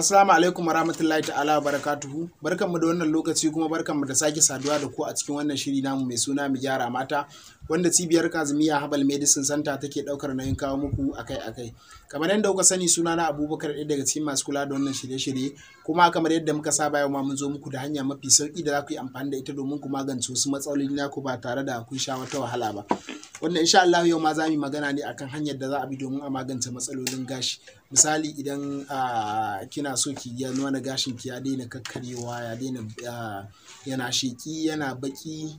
Assalamu alaikum wa rahmatullahi ta'ala wa barakatuhu. Barkanmu da wannan lokaci kuma barkanmu da sake saduwa da ku a cikin wannan shiri namu mai suna mu gyara mata wanda cibiyar Kazumiya Habal Medicine Center take daukar nauyin kawo muku akai-akai. Kamar yadda kuka sani suna na Abubakar ɗaya daga cikin masu kula da wannan shirye-shirye kuma kamar yadda muka saba yau ma mun zo muku da hanya mafi sauki da za ku yi amfani da ita domin ku magance wasu matsaloli naku ba tare da kun sha wata wahala ba. wanda insha Allah yau ma za mu magana ne akan hanyar da za a bi domin a magance matsalolin gashi misali idan kina so ki ya nuna gashin ki ya daina kakkarewa ya daina yana sheki yana baki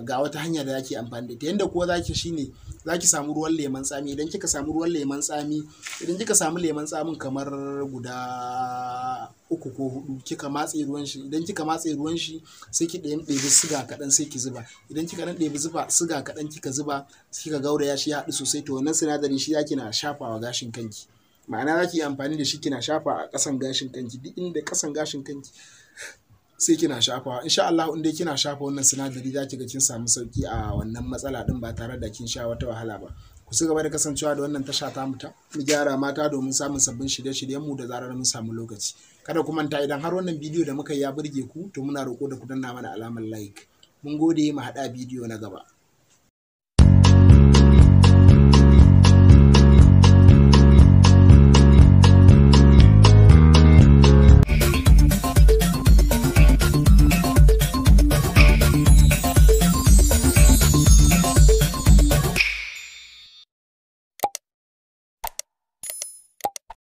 ga wata hanya da zaki amfani da ta yanda kuwa zaki shine zaki samu ruwan lemon tsami idan kika samu ruwan lemon tsami idan kika samu lemon tsamin kamar guda uku ko hudu kika matse ruwan shi idan kika matse ruwan shi sai ki ɗayan ɗebi suga kaɗan sai ki zuba idan kika ɗan ɗebi zuba suga kaɗan kika zuba kika gauraya shi ya haɗu sosai to wannan sinadarin shi zaki na shafawa gashin kanki ma'ana zaki yi amfani da shi kina shafa a ƙasan gashin kanki duk inda ƙasan gashin kanki sai kina shafa insha Allah in dai kina shafa wannan sinadari za ga kin samu sauki a wannan matsala din ba tare da kin sha wata wahala ba ku ci gaba da kasancewa da wannan tasha ta muta mu gyara mata domin samun sabbin shirye-shiryen mu da zarar mun samu lokaci kada ku manta idan har wannan bidiyo da muka yi ya burge ku to muna roko da ku danna mana alamar like mun gode mu haɗa bidiyo na gaba